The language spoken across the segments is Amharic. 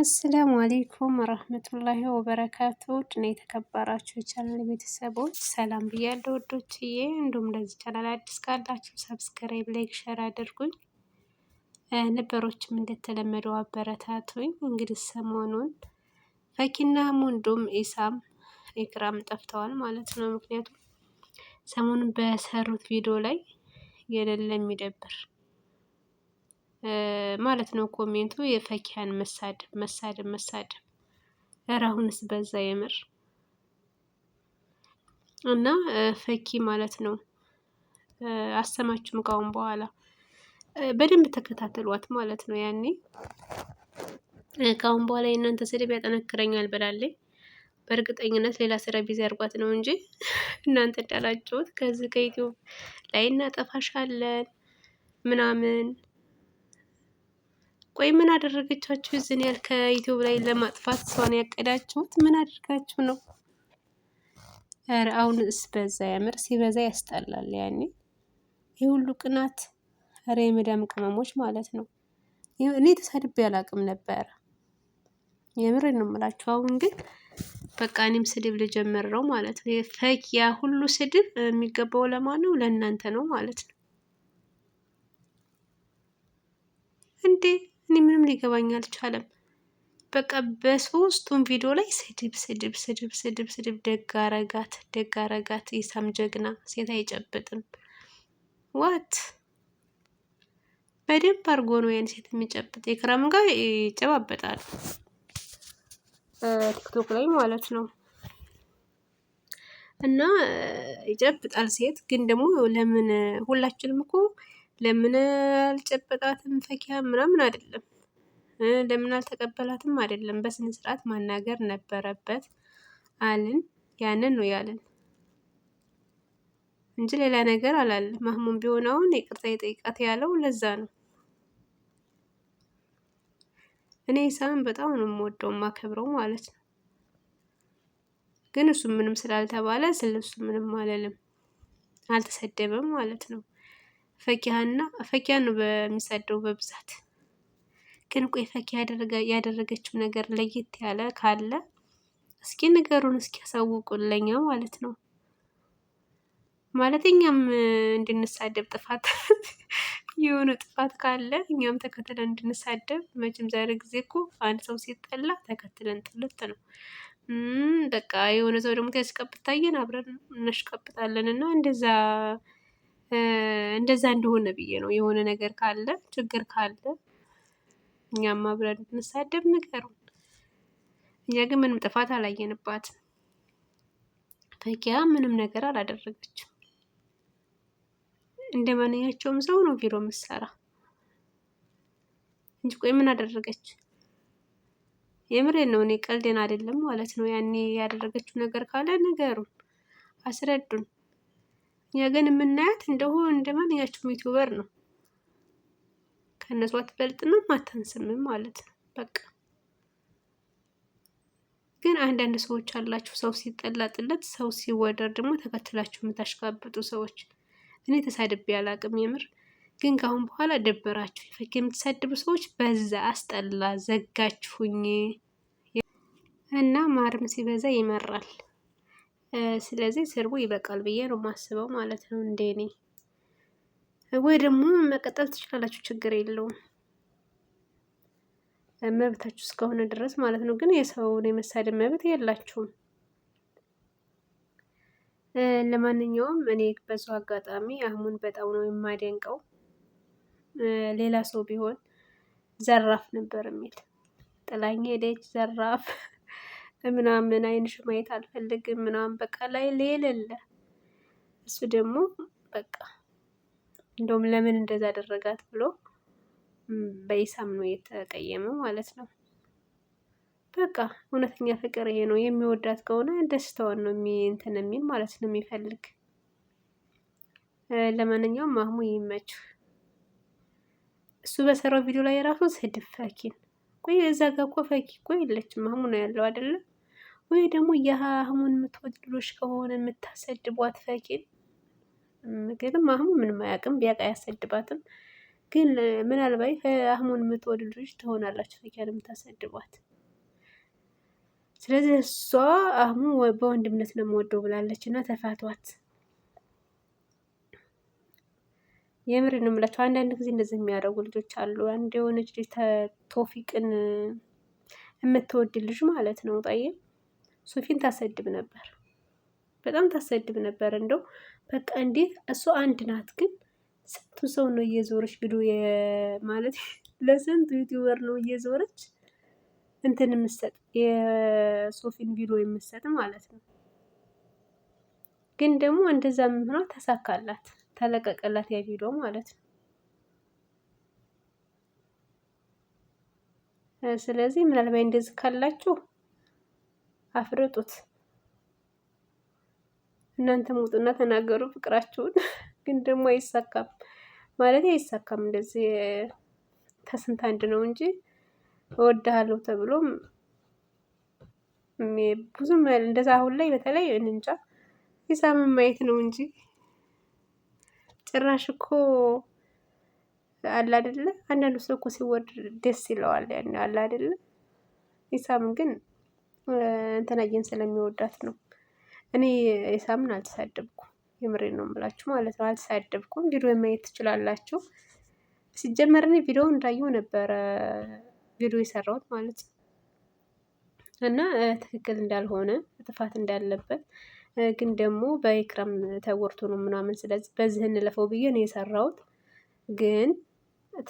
አሰላሙ አሌይኩም ረህመቱላሂ ወበረካቱ ድና የተከበራችሁ የቻናል ቤተሰቦች ሰላም ብያለሁ ወዶችዬ። እንዲሁም ለዚህ ቻናል አዲስ ካላችሁ ሰብስክራይብ፣ ላይክ፣ ሸር አድርጉኝ። ነበሮችም እንደተለመደው አበረታቱኝ። እንግዲህ ሰሞኑን ፈኪና ሙ ኢሳም ኢክራም ጠፍተዋል ማለት ነው። ምክንያቱም ሰሞኑን በሰሩት ቪዲዮ ላይ የሌለ የሚደብር ማለት ነው። ኮሜንቱ የፈኪያን መሳደብ መሳደብ መሳደብ። ኧረ አሁንስ በዛ የምር እና ፈኪ ማለት ነው አሰማችሁም ካሁን በኋላ በደንብ ተከታተሏት ማለት ነው። ያኔ ካሁን በኋላ የእናንተ ስድብ ያጠነክረኛል ብላለች። በእርግጠኝነት ሌላ ስራ ቢዚ አድርጓት ነው እንጂ እናንተ እንዳላችሁት ከዚህ ከዩቲዩብ ላይ እናጠፋሻለን ምናምን ቆይ ምን አደረገቻችሁ? እዚህን ያል ከዩቲዩብ ላይ ለማጥፋት ሰውን ያቀዳችሁት ምን አድርጋችሁ ነው? ኧረ አሁን ስበዛ ያምር ሲበዛ ያስጠላል። ያኔ ይህ ሁሉ ቅናት፣ ኧረ የመዳም ቅመሞች ማለት ነው። እኔ ተሳድቤ አላውቅም ነበረ የምር ነው የምላችሁ። አሁን ግን በቃ እኔም ስድብ ልጀምር ነው ማለት ነው። ፈኪ ያ ሁሉ ስድብ የሚገባው ለማን ነው? ለእናንተ ነው ማለት ነው እንዴ! እኔ ምንም ሊገባኝ አልቻለም። በቃ በሶስቱም ቪዲዮ ላይ ስድብ ስድብ ስድብ ስድብ ስድብ ደጋረጋት ደጋረጋት ኢሳም ጀግና ሴት አይጨብጥም። ዋት በደንብ አድርጎ ነው ያን ሴት የሚጨብጥ። የክረም ጋር ይጨባበጣል ቲክቶክ ላይ ማለት ነው እና ይጨብጣል ሴት ግን ደግሞ ለምን ሁላችንም እኮ ለምን አልጨበጣትም ፈኪያ ምናምን አይደለም፣ ለምን አልተቀበላትም አይደለም። በስነ ስርዓት ማናገር ነበረበት አልን። ያንን ነው ያልን እንጂ ሌላ ነገር አላለ ማህሙም ቢሆን አሁን ይቅርታ የጠይቃት ያለው ለዛ ነው። እኔ ሳም በጣም ነው የምወደው ማከብረው ማለት ነው። ግን እሱ ምንም ስላልተባለ ስለሱ ምንም አለልም፣ አልተሰደበም ማለት ነው። ፈኪያና ፈኪያ ነው በሚሰደው በብዛት። ግን ቆይ ፈኪሀ ያደረገችው ነገር ለየት ያለ ካለ እስኪ ንገሩን፣ እስኪ ያሳውቁን ለኛ ማለት ነው። ማለት እኛም እንድንሳደብ ጥፋት የሆነ ጥፋት ካለ እኛም ተከትለን እንድንሳደብ። መቼም ዛሬ ጊዜ እኮ አንድ ሰው ሲጠላ ተከትለን ጥልት ነው። በቃ የሆነ ሰው ደግሞ ሲያስቀብታየን አብረን እናሽቀብጣለን እና እንደዛ እንደዛ እንደሆነ ብዬ ነው። የሆነ ነገር ካለ ችግር ካለ እኛም አብረን ብንሳደብ ንገሩን። እኛ ግን ምንም ጥፋት አላየንባትም። ፈኪያ ምንም ነገር አላደረገችም። እንደ ማንኛቸውም ሰው ነው ቢሮ የምትሰራ እንጂ ቆይ ምን አደረገች? የምሬን ነው እኔ ቀልዴን አይደለም ማለት ነው። ያኔ ያደረገችው ነገር ካለ ንገሩን፣ አስረዱን። እኛ ግን የምናያት እንደሆ እንደ ማንኛችሁም ዩቲዩበር ነው። ከእነሱ አትበልጥንም አታንስምም ማለት ነው። በቃ ግን አንዳንድ ሰዎች አላችሁ፣ ሰው ሲጠላጥለት፣ ሰው ሲወደር ደግሞ ተከትላችሁ የምታሽቃብጡ ሰዎች። እኔ ተሳድቤ አላቅም የምር ግን ከአሁን በኋላ ደበራችሁ። ፈኪ የምትሳድቡ ሰዎች በዛ፣ አስጠላ፣ ዘጋችሁኝ እና ማርም ሲበዛ ይመራል። ስለዚህ ስርቡ ይበቃል ብዬ ነው የማስበው ማለት ነው እንደኔ። ወይ ደግሞ መቀጠል ትችላላችሁ፣ ችግር የለውም መብታችሁ እስከሆነ ድረስ ማለት ነው። ግን የሰውን የመሳደብ መብት የላችሁም። ለማንኛውም እኔ በዙ አጋጣሚ አህሙን በጣም ነው የማደንቀው። ሌላ ሰው ቢሆን ዘራፍ ነበር የሚል ጥላኝ ሄደች ዘራፍ ምናምን አይንሽ ማየት አልፈልግም ምናምን በቃ ላይ ሌለለ እሱ ደግሞ በቃ እንደውም ለምን እንደዛ አደረጋት ብሎ በኢሳም ነው የተቀየመው ማለት ነው። በቃ እውነተኛ ፍቅር ይሄ ነው። የሚወዳት ከሆነ ደስታዋን ነው እንትን የሚል ማለት ነው የሚፈልግ። ለማንኛውም ማህሙ ይመችው። እሱ በሰራው ቪዲዮ ላይ የራሱ ስድብ ፈኪን ቆይ እዛ ጋ እኮ ፈኪ እኮ የለችም፣ አህሙ ነው ያለው አይደለ? ወይ ደግሞ የአህሙን የምትወድሎች ከሆነ የምታሰድቧት ፈኪን። ግን አህሙ ምንም አያውቅም፣ ቢያውቅ አያሰድባትም። ግን ምናልባት አህሙን የምትወድሎች ትሆናላችሁ ፈኪያን የምታሰድቧት። ስለዚህ እሷ አህሙ በወንድምነት ነው የምወደው ብላለች እና ተፋቷት። የምር ነው የምላቸው። አንዳንድ ጊዜ እንደዚህ የሚያደርጉ ልጆች አሉ። አንድ የሆነች ልጅ ቶፊቅን የምትወድ ልጅ ማለት ነው ጠይ ሶፊን ታሰድብ ነበር፣ በጣም ታሰድብ ነበር። እንደው በቃ እንዴት እሱ አንድ ናት፣ ግን ስንቱ ሰው ነው እየዞረች ቪዲዮ ማለት ለስንቱ ዩቲዩበር ነው እየዞረች እንትን የምሰጥ የሶፊን ቪዲዮ የምሰጥ ማለት ነው። ግን ደግሞ እንደዛ ምንሆና ተሳካላት። ተለቀቀላት ያ ቪዲዮ ማለት ነው። ስለዚህ ምናልባት እንደዚህ ካላችሁ አፍርጡት። እናንተ ውጡና ተናገሩ ፍቅራችሁን። ግን ደግሞ አይሳካም ማለት አይሳካም። እንደዚህ ከስንት አንድ ነው እንጂ እወድሃለሁ ተብሎ ብዙም እንደዛ አሁን ላይ በተለይ እንጃ ሂሳብን ማየት ነው እንጂ ጭራሽ እኮ አለ አይደለ አንዳንዱ ሰው እኮ ሲወድ ደስ ይለዋል። ያን አለ አይደለ ኢሳምን ግን እንተናየን ስለሚወዳት ነው። እኔ ኢሳምን አልተሳደብኩም፣ የምሬ ነው የምላችሁ ማለት ነው። አልተሳደብኩም። ቪዲዮ ማየት ትችላላችሁ። ሲጀመር እኔ ቪዲዮ እንዳየው ነበረ ቪዲዮ የሰራሁት ማለት ነው እና ትክክል እንዳልሆነ ጥፋት እንዳለበት ግን ደግሞ በኢክራም ተወርቶ ነው ምናምን፣ ስለዚህ በዚህ እንለፈው ብዬ ነው የሰራሁት። ግን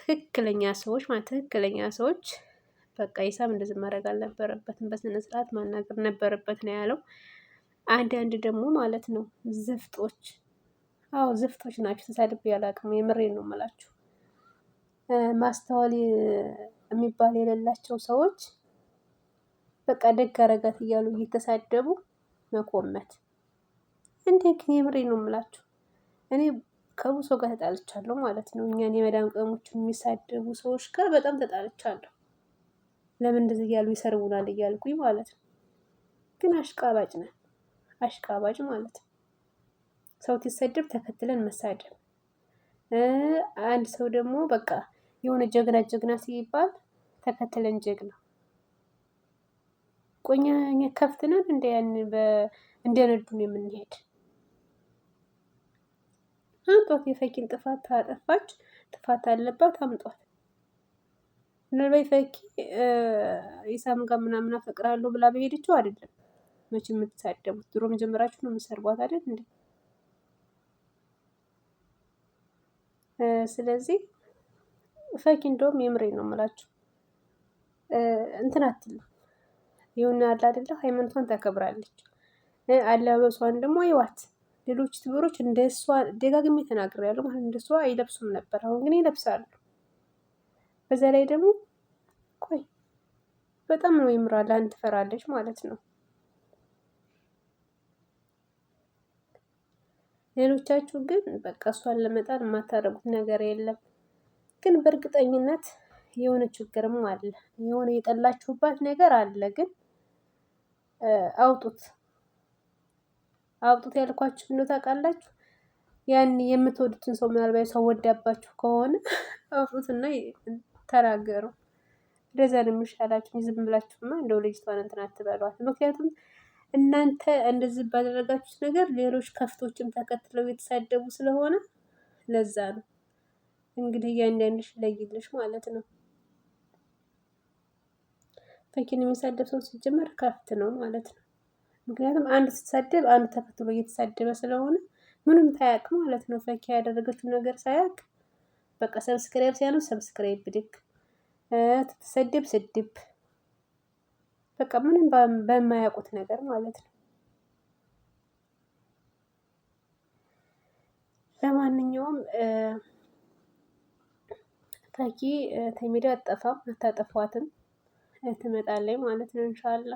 ትክክለኛ ሰዎች ማለት ትክክለኛ ሰዎች በቃ ሂሳብ እንደዚህ ማድረግ አልነበረበትም፣ በስነ ስርዓት ማናገር ነበረበት ነው ያለው። አንዳንድ ደግሞ ማለት ነው ዝፍጦች፣ አዎ ዝፍጦች ናቸው። ተሳድቤ አላውቅም፣ የምሬን ነው የምላችሁ። ማስተዋል የሚባል የሌላቸው ሰዎች በቃ ደግ አረጋት እያሉ እየተሳደቡ መኮመት እንዴ ግን የምሬ ነው የምላችሁ። እኔ ከብዙ ሰው ጋር ተጣልቻለሁ ማለት ነው። እኛን የመዳን ቀሞች የሚሳደቡ ሰዎች ጋር በጣም ተጣልቻለሁ። ለምን እንደዚህ እያሉ ይሰርቡናል እያልኩኝ ማለት ነው። ግን አሽቃባጭ ነን፣ አሽቃባጭ ማለት ነው። ሰው ሲሰደብ ተከትለን መሳደብ። አንድ ሰው ደግሞ በቃ የሆነ ጀግና ጀግና ሲባል ተከትለን ጀግና ቆኛ ከፍትነን እንደ ያን የምንሄድ አምጧት። የፈኪን ጥፋት ታጠፋች ጥፋት አለባት አምጧት። ምናልባት ፈኪ ኢሳም ጋር ምናምን አፈቅራለሁ ብላ በሄደችው አይደለም መቼ የምትሳደቡት? ድሮ መጀመራችሁ ነው የምትሰርቧት አይደል እንዴ? ስለዚህ ፈኪ እንደውም የምሬ ነው የምላችሁ እንትን አትልም። ይሁን አለ አይደለ ሃይማኖቷን ታከብራለች። አለባበሷን ደግሞ ይዋት ሌሎች ዩቱበሮች እንደ እሷ ደጋግሜ ተናግሬያለሁ ማለት እንደ እሷ አይለብሱም ነበር። አሁን ግን ይለብሳሉ። በዛ ላይ ደግሞ ቆይ በጣም ነው ይምራላን ትፈራለች ማለት ነው። ሌሎቻችሁ ግን በቃ እሷን ለመጣል የማታደርጉት ነገር የለም። ግን በእርግጠኝነት የሆነ ችግርም አለ፣ የሆነ የጠላችሁባት ነገር አለ። ግን አውጡት። አውጡት ያልኳችሁ ነው ታውቃላችሁ። ያን የምትወዱትን ሰው ምናልባት ሰው ወዳባችሁ ከሆነ አውጡትና ተናገሩ። እንደዛ ነው የሚሻላችሁ። ዝም ብላችሁማ እንደው ልጅቷን እንትን አትበሏት። ምክንያቱም እናንተ እንደዚህ ባደረጋችሁት ነገር ሌሎች ከፍቶችም ተከትለው የተሳደቡ ስለሆነ ለዛ ነው እንግዲህ እያንዳንድሽ ለይልሽ ማለት ነው። ፈኪን የሚሳደብ ሰው ሲጀመር ከፍት ነው ማለት ነው። ምክንያቱም አንድ ስትሰድብ አንድ ተከትሎ እየተሳደበ ስለሆነ ምንም ታያቅ ማለት ነው። ፈኪ ያደረገችው ነገር ሳያቅ በቃ ሰብስክራይብ ሲያነው ሰብስክራይብ ብድግ፣ ተሰድብ ስድብ፣ በቃ ምንም በማያውቁት ነገር ማለት ነው። ለማንኛውም ፈኪ ተሚዳ አጠፋም አታጠፏትም ትመጣለች ማለት ነው እንሻላ።